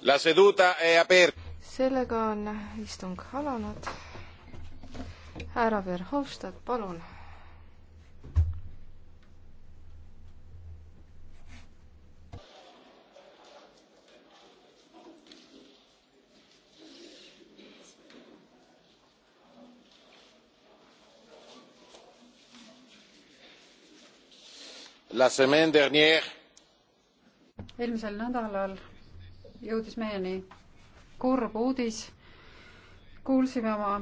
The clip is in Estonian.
La seduta è aperta. sellega on istung alanud. härra Verhofstadt, palun. La semaine dernière eelmisel nädalal jõudis meieni kurb uudis. kuulsime oma